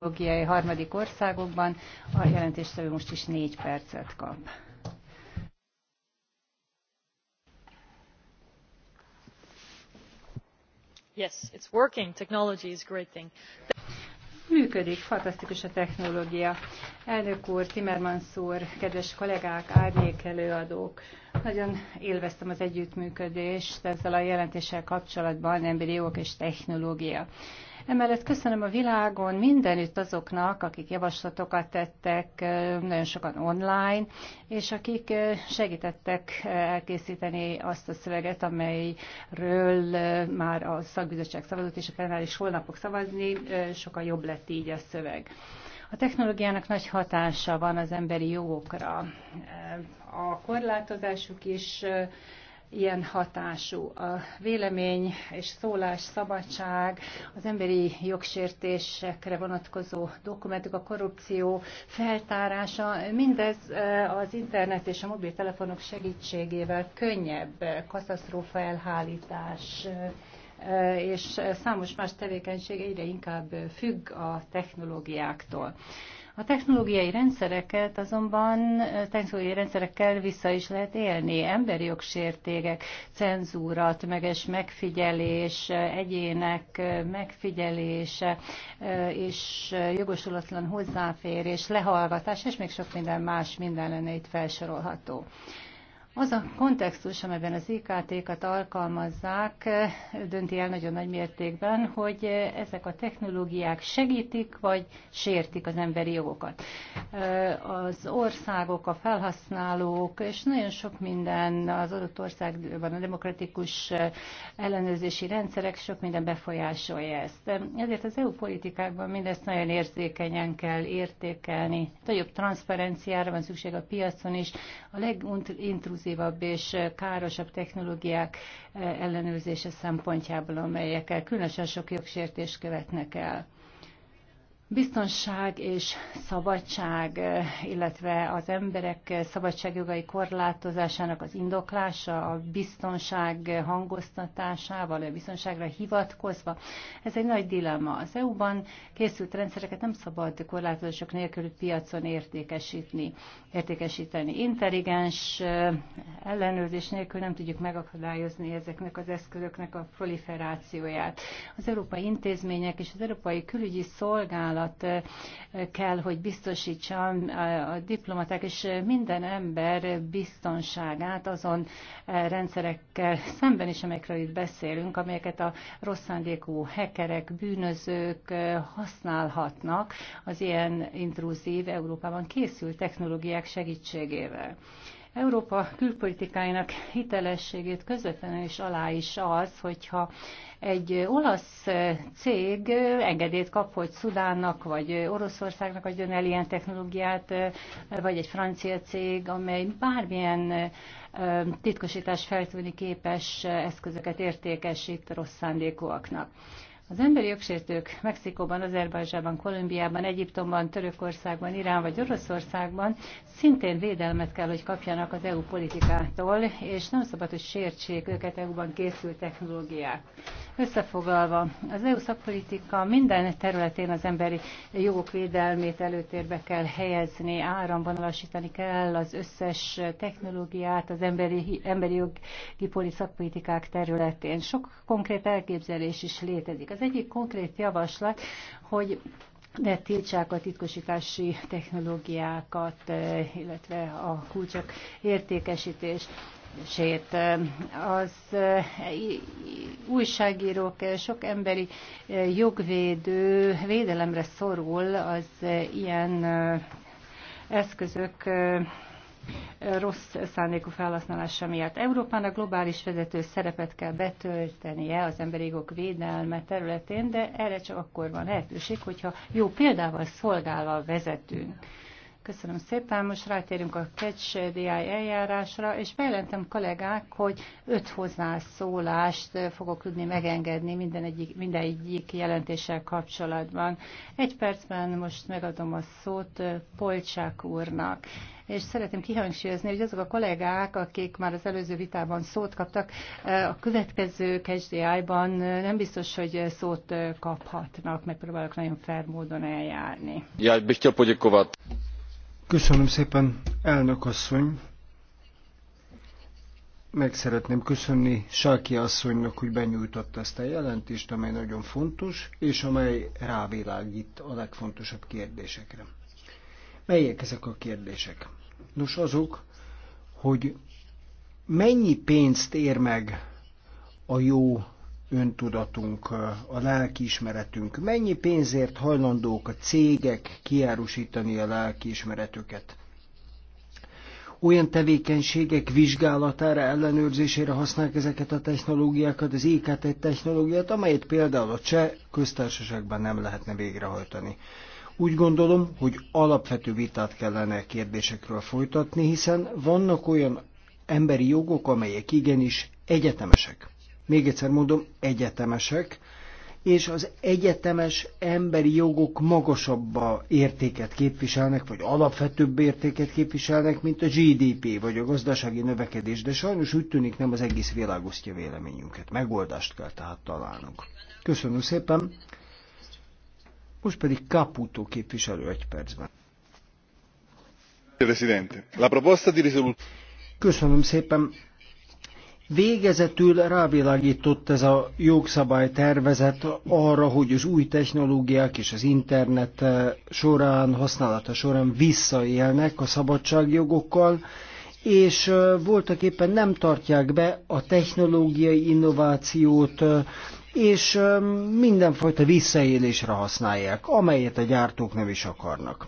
technológiai harmadik országokban. A jelentéstevő most is négy percet kap. Yes, it's working. Technology is a great thing. Működik, fantasztikus a technológia. Elnök úr, Timmermans úr, kedves kollégák, árnyék előadók, nagyon élveztem az együttműködést ezzel a jelentéssel kapcsolatban, emberi jogok és technológia. Emellett köszönöm a világon mindenütt azoknak, akik javaslatokat tettek, nagyon sokan online, és akik segítettek elkészíteni azt a szöveget, amelyről már a szakbizottság szavazott, és a plenáris holnap fog szavazni, sokkal jobb lett így a szöveg. A technológiának nagy hatása van az emberi jogokra. A korlátozásuk is ilyen hatású. A vélemény és szólás szabadság, az emberi jogsértésekre vonatkozó dokumentok, a korrupció feltárása, mindez az internet és a mobiltelefonok segítségével könnyebb katasztrófa elhárítás és számos más tevékenység egyre inkább függ a technológiáktól. A technológiai rendszereket azonban technológiai rendszerekkel vissza is lehet élni. Emberi jogsértégek, cenzúra, tömeges megfigyelés, egyének megfigyelése és jogosulatlan hozzáférés, lehallgatás és még sok minden más minden lenne itt felsorolható. Az a kontextus, amelyben az IKT-kat alkalmazzák, dönti el nagyon nagy mértékben, hogy ezek a technológiák segítik vagy sértik az emberi jogokat. Az országok, a felhasználók és nagyon sok minden az adott országban a demokratikus ellenőrzési rendszerek sok minden befolyásolja ezt. Ezért az EU politikákban mindezt nagyon érzékenyen kell értékelni. Nagyobb transzparenciára van szükség a piacon is. A legintruzívabb exkluzívabb és károsabb technológiák eh, ellenőrzése szempontjából, amelyekkel különösen sok jogsértést követnek el biztonság és szabadság, illetve az emberek szabadságjogai korlátozásának az indoklása, a biztonság hangoztatásával, a biztonságra hivatkozva, ez egy nagy dilemma. Az EU-ban készült rendszereket nem szabad korlátozások nélkül piacon értékesíteni. értékesíteni. Intelligens ellenőrzés nélkül nem tudjuk megakadályozni ezeknek az eszközöknek a proliferációját. Az európai intézmények és az európai külügyi szolgálat eh, kell, hogy biztosítsa eh, a diplomaták és minden ember biztonságát azon eh, rendszerekkel szemben is, amelyekről itt beszélünk, amelyeket a rossz szándékú hekerek, bűnözők használhatnak az ilyen intruzív Európában készült technológiák segítségével. Európa külpolitikájának hitelességét közvetlenül is alá is az, hogyha egy olasz cég engedélyt kap, hogy Szudánnak vagy Oroszországnak adjon el ilyen technológiát, vagy egy francia cég, amely bármilyen titkosítás feltűni képes eszközöket értékesít rossz szándékúaknak. Az emberi jogsértők Mexikóban, Azerbajdzsában, Kolumbiában, Egyiptomban, Törökországban, Irán vagy Oroszországban szintén védelmet kell, hogy kapjanak az EU politikától, és nem szabad, hogy sértsék őket EU-ban készült technológiák. Összefoglalva, az EU szakpolitika minden területén az emberi jogok védelmét előtérbe kell helyezni, áramvonalasítani kell az összes technológiát az emberi, emberi jogi szakpolitikák területén. Sok konkrét elképzelés is létezik. Az egyik konkrét javaslat, hogy de tiltsák a titkosítási technológiákat, illetve a kulcsok értékesítését. Az újságírók, sok emberi eh, jogvédő védelemre szorul az eh, ilyen eh, eszközök rossz szándékú felhasználása miatt. Európának globális vezető szerepet kell betöltenie az emberi jogok védelme területén, de erre csak akkor van lehetőség, hogyha jó példával szolgálva vezetünk. Köszönöm szépen, most rátérünk a Catch DI eljárásra, és bejelentem kollégák, hogy öt hozzászólást fogok tudni megengedni minden egyik, minden egyik jelentéssel kapcsolatban. Egy percben most megadom a szót Polcsák úrnak és szeretném kihangsúlyozni, hogy azok a kollégák, akik már az előző vitában szót kaptak, a következő KSDI-ban nem biztos, hogy szót kaphatnak, megpróbálok nagyon fair módon eljárni. Ja, bych chtěl poděkovat. Köszönöm szépen, elnök asszony. Meg szeretném köszönni Sáki asszonynak, hogy benyújtotta ezt a jelentést, amely nagyon fontos, és amely rávilágít a legfontosabb kérdésekre. Melyek ezek a kérdések? Nos, azok, hogy mennyi pénzt ér meg a jó öntudatunk, a lelkiismeretünk. Mennyi pénzért hajlandók a cégek kiárusítani a lelkiismeretüket? olyan tevékenységek vizsgálatára, ellenőrzésére használják ezeket a technológiákat, az IKT technológiát, amelyet például a cseh köztársaságban nem lehetne végrehajtani. Úgy gondolom, hogy alapvető vitát kellene a kérdésekről folytatni, hiszen vannak olyan emberi jogok, amelyek igenis egyetemesek. Még egyszer mondom, egyetemesek, és az egyetemes emberi jogok magasabb értéket képviselnek, vagy alapvetőbb értéket képviselnek, mint a GDP, vagy a gazdasági növekedés, de sajnos úgy tűnik nem az egész világ osztja véleményünket. Megoldást kell tehát találnunk. Köszönöm szépen. Most pedig Caputo képviselő egy percben. Köszönöm szépen. Végezetül rávilágított ez a jogszabálytervezet arra, hogy az új technológiák és az internet eh, során, használata során visszaélnek a szabadságjogokkal, és eh, voltak éppen nem tartják be a technológiai innovációt, eh, és mindenfajta visszaélésre használják, amelyet a gyártók nem is akarnak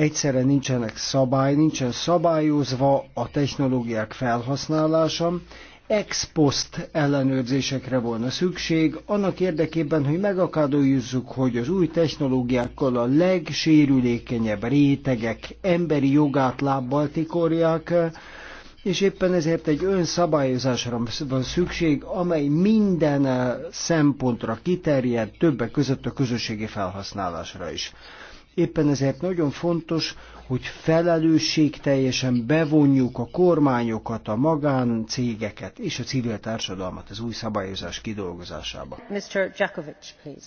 egyszerre nincsenek szabály, nincsen szabályozva a technológiák felhasználása, ex post ellenőrzésekre volna szükség, annak érdekében, hogy megakadályozzuk, hogy az új technológiákkal a legsérülékenyebb rétegek emberi jogát lábbal tikorják, és éppen ezért egy önszabályozásra van szükség, amely minden szempontra kiterjed, többek között a közösségi felhasználásra is. Éppen ezért nagyon fontos, hogy felelősség teljesen bevonjuk a kormányokat, a magáncégeket és a civil társadalmat az új szabályozás kidolgozásába. Mr. Jakovic, please.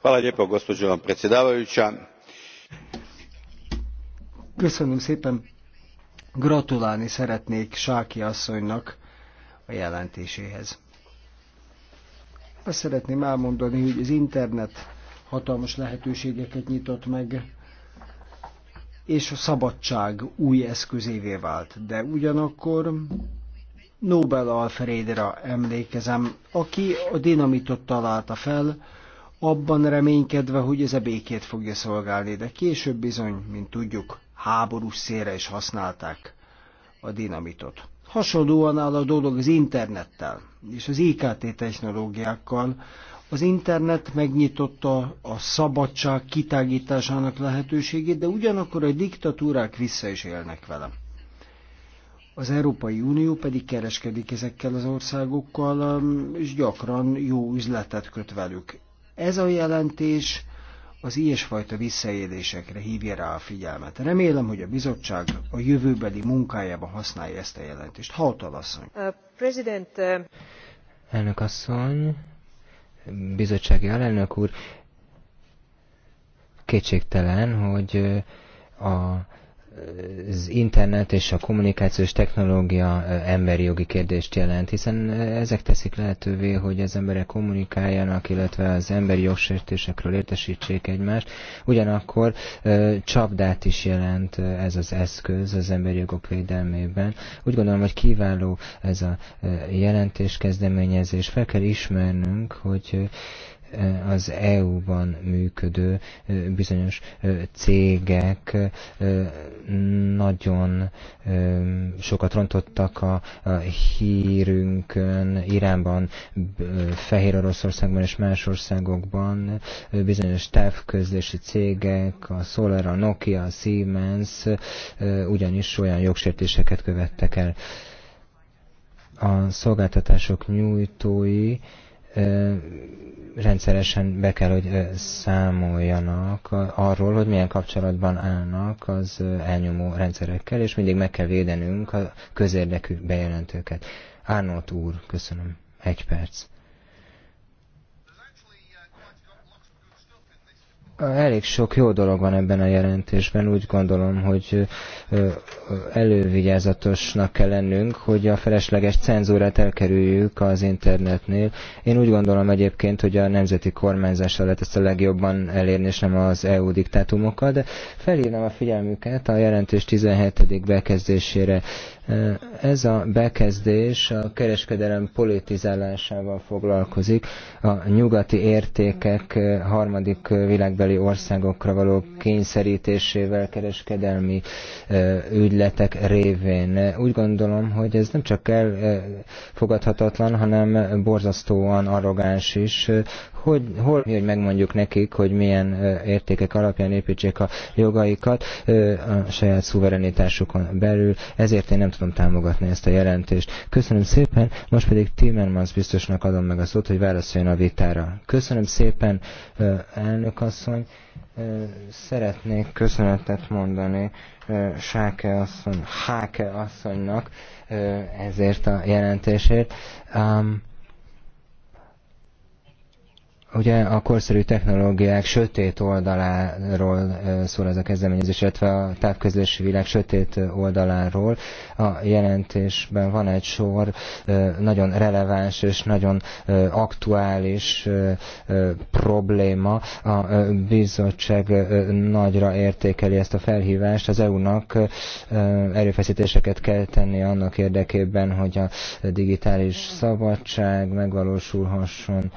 Hvala lijepo, gospođo predsjedavajuća. Köszönöm szépen. Gratulálni szeretnék Sáki asszonynak a jelentéséhez. Azt szeretném elmondani, hogy az internet hatalmas lehetőségeket nyitott meg, és a szabadság új eszközévé vált. De ugyanakkor Nobel Alfredra emlékezem, aki a dinamitot találta fel, abban reménykedve, hogy ez a békét fogja szolgálni, de később bizony, mint tudjuk, háborús szére is használták a dinamitot. Hasonlóan áll a dolog az internettel és az IKT technológiákkal, az internet megnyitotta a szabadság kitágításának lehetőségét, de ugyanakkor a diktatúrák vissza is élnek vele. Az Európai Unió pedig kereskedik ezekkel az országokkal, um, és gyakran jó üzletet köt velük. Ez a jelentés az ilyesfajta visszaélésekre hívja rá a figyelmet. Remélem, hogy a bizottság a jövőbeli munkájában használja ezt a jelentést. Hautal asszony. Uh, president, uh... Elnök asszony, bizottsági alelnök úr, kétségtelen, hogy a az internet és a kommunikációs technológia emberi jogi kérdést jelent, hiszen ezek teszik lehetővé, hogy az emberek kommunikáljanak, illetve az emberi jogsértésekről értesítsék egymást. Ugyanakkor csapdát is jelent ez az eszköz az emberi jogok védelmében. Úgy gondolom, hogy kiváló ez a jelentés kezdeményezés. Fel kell ismernünk, hogy az EU-ban működő bizonyos cégek nagyon sokat rontottak a hírünkön, Iránban, Fehér Oroszországban és más országokban bizonyos távközlési cégek, a Solar, a Nokia, a Siemens ugyanis olyan jogsértéseket követtek el. A szolgáltatások nyújtói rendszeresen be kell, hogy számoljanak arról, hogy milyen kapcsolatban állnak az elnyomó rendszerekkel, és mindig meg kell védenünk a közérdekű bejelentőket. Árnót úr, köszönöm. Egy perc. elég sok jó dolog van ebben a jelentésben, úgy gondolom, hogy elővigyázatosnak kell lennünk, hogy a felesleges cenzúrát elkerüljük az internetnél. Én úgy gondolom egyébként, hogy a nemzeti kormányzással lehet ezt a legjobban elérni, és nem az EU diktátumokkal, de felírnám a figyelmüket a jelentés 17. bekezdésére. Ez a bekezdés a kereskedelem politizálásával foglalkozik, a nyugati értékek harmadik világbeli felbeli országokra való kényszerítésével kereskedelmi ügyletek révén. Úgy gondolom, hogy ez nem csak elfogadhatatlan, hanem borzasztóan arrogáns is, hogy, hol, hogy megmondjuk nekik, hogy milyen értékek alapján építsék a jogaikat a saját szuverenitásukon belül, ezért én nem tudom támogatni ezt a jelentést. Köszönöm szépen, most pedig Timmermans biztosnak adom meg a szót, hogy válaszoljon a vitára. Köszönöm szépen, elnök asszony. Szeretnék köszönetet mondani Sáke asszony, Háke asszonynak ezért a jelentésért. Um, Ugye a korszerű technológiák sötét oldaláról szól ez a kezdeményezés, illetve a távközlési világ sötét oldaláról. A jelentésben van egy sor nagyon releváns és nagyon aktuális probléma. A bizottság nagyra értékeli ezt a felhívást. Az EU-nak erőfeszítéseket kell tenni annak érdekében, hogy a digitális szabadság megvalósulhasson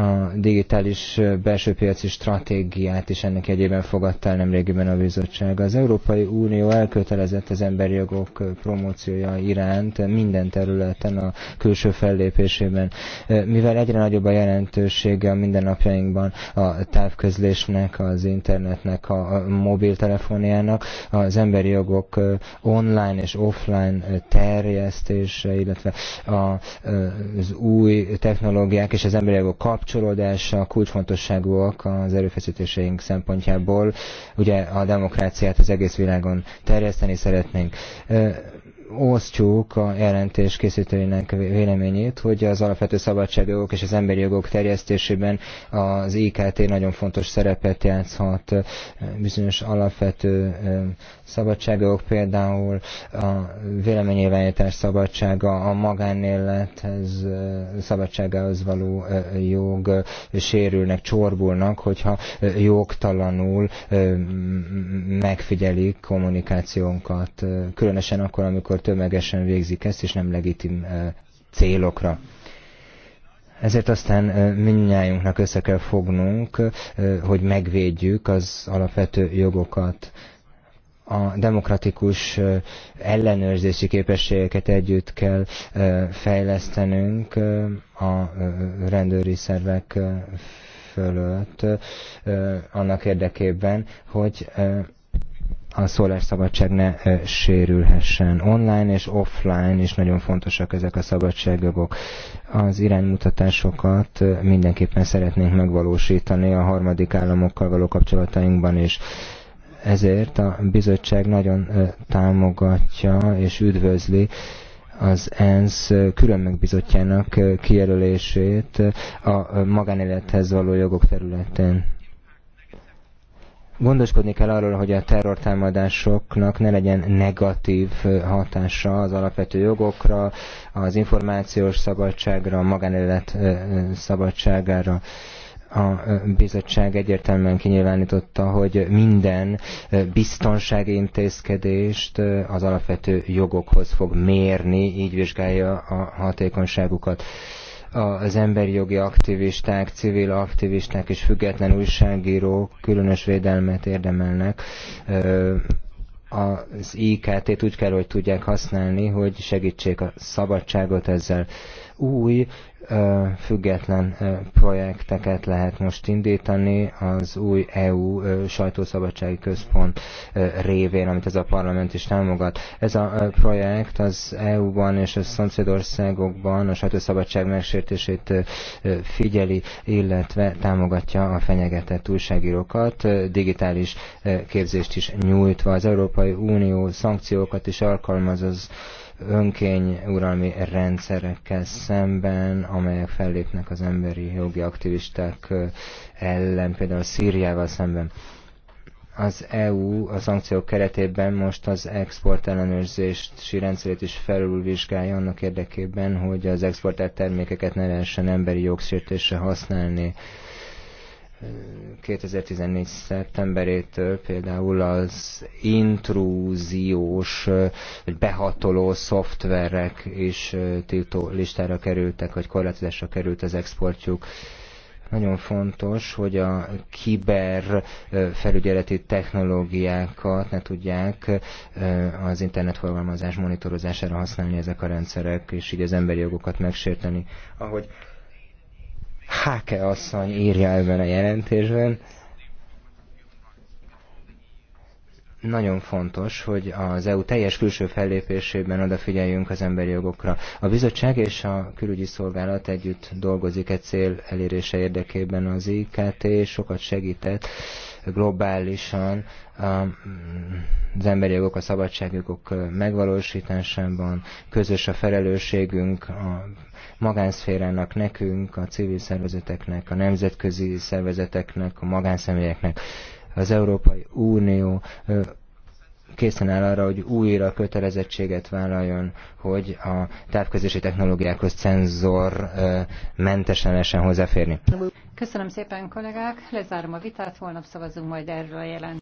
a digitális belső piaci stratégiát is ennek egyében fogadta el nemrégiben a bizottság. Az Európai Unió elkötelezett az emberi jogok promóciója iránt minden területen a külső fellépésében, mivel egyre nagyobb a jelentősége a mindennapjainkban a távközlésnek, az internetnek, a mobiltelefoniának, az emberi jogok online és offline terjesztése, illetve az új technológiák és az emberi jogok kapcsolatban kapcsolódása kulcsfontosságúak az erőfeszítéseink szempontjából. Ugye a demokráciát az egész világon terjeszteni szeretnénk osztjuk a jelentés készítőinek véleményét, hogy az alapvető szabadságjogok és az emberi jogok terjesztésében az IKT nagyon fontos szerepet játszhat bizonyos alapvető szabadságjogok, például a véleménynyilvánítás szabadsága, a magánélethez szabadságához való jog sérülnek, csorbulnak, hogyha jogtalanul megfigyelik kommunikációnkat, különösen akkor, amikor amikor tömegesen végzik ezt, és nem legitim célokra. Ezért aztán mindnyájunknak össze kell fognunk, hogy megvédjük az alapvető jogokat, a demokratikus ellenőrzési képességeket együtt kell fejlesztenünk a rendőri szervek fölött annak érdekében, hogy a szólásszabadság ne sérülhessen. Online és offline is nagyon fontosak ezek a szabadságjogok. Az iránymutatásokat mindenképpen szeretnénk megvalósítani a harmadik államokkal való kapcsolatainkban is. Ezért a bizottság nagyon támogatja és üdvözli az ENSZ külön megbizotjának kijelölését a magánélethez való jogok területén Gondoskodni kell arról, hogy a terrortámadásoknak ne legyen negatív hatása az alapvető jogokra, az információs szabadságra, a magánélet szabadságára a bizottság egyértelműen kinyilvánította, hogy minden biztonsági intézkedést az alapvető jogokhoz fog mérni, így vizsgálja a hatékonyságukat az emberi jogi aktivisták, civil aktivisták és független újságírók különös védelmet érdemelnek az IKT-t úgy kell, hogy tudják használni, hogy segítsék a szabadságot ezzel új független projekteket lehet most indítani az új EU sajtószabadsági központ révén, amit ez a parlament is támogat. Ez a projekt az EU-ban és a szomszédországokban a sajtószabadság megsértését figyeli, illetve támogatja a fenyegetett újságírókat, digitális képzést is nyújtva. Az Európai Unió szankciókat is alkalmaz az önkény uralmi rendszerekkel szemben, amelyek fellépnek az emberi jogi aktivisták ellen, például Szíriával szemben. Az EU a szankciók keretében most az export ellenőrzést rendszerét is felülvizsgálja annak érdekében, hogy az exportált termékeket ne lehessen emberi jogsértésre használni 2014. szeptemberétől például az intrúziós, vagy behatoló szoftverek is tiltó listára kerültek, vagy korlátozásra került az exportjuk. Nagyon fontos, hogy a kiber felügyeleti technológiákat ne tudják az internetforgalmazás monitorozására használni ezek a rendszerek, és így az emberi jogokat megsérteni. Ahogy Háke asszony írja ebben a jelentésben. Nagyon fontos, hogy az EU teljes külső fellépésében odafigyeljünk az emberi jogokra. A bizottság és a külügyi szolgálat együtt dolgozik egy cél elérése érdekében az IKT, sokat segített globálisan mm, az emberi jogok, a szabadságjogok megvalósításában, közös a felelősségünk a magánszférának, nekünk, a civil szervezeteknek, a nemzetközi szervezeteknek, a magánszemélyeknek. Az Európai Unió készen áll arra, hogy újra kötelezettséget vállaljon, hogy a távközlési technológiákhoz cenzor mentesen lehessen hozzáférni. Köszönöm szépen, kollégák! Lezárom a vitát, holnap szavazunk majd erről a jelentésről.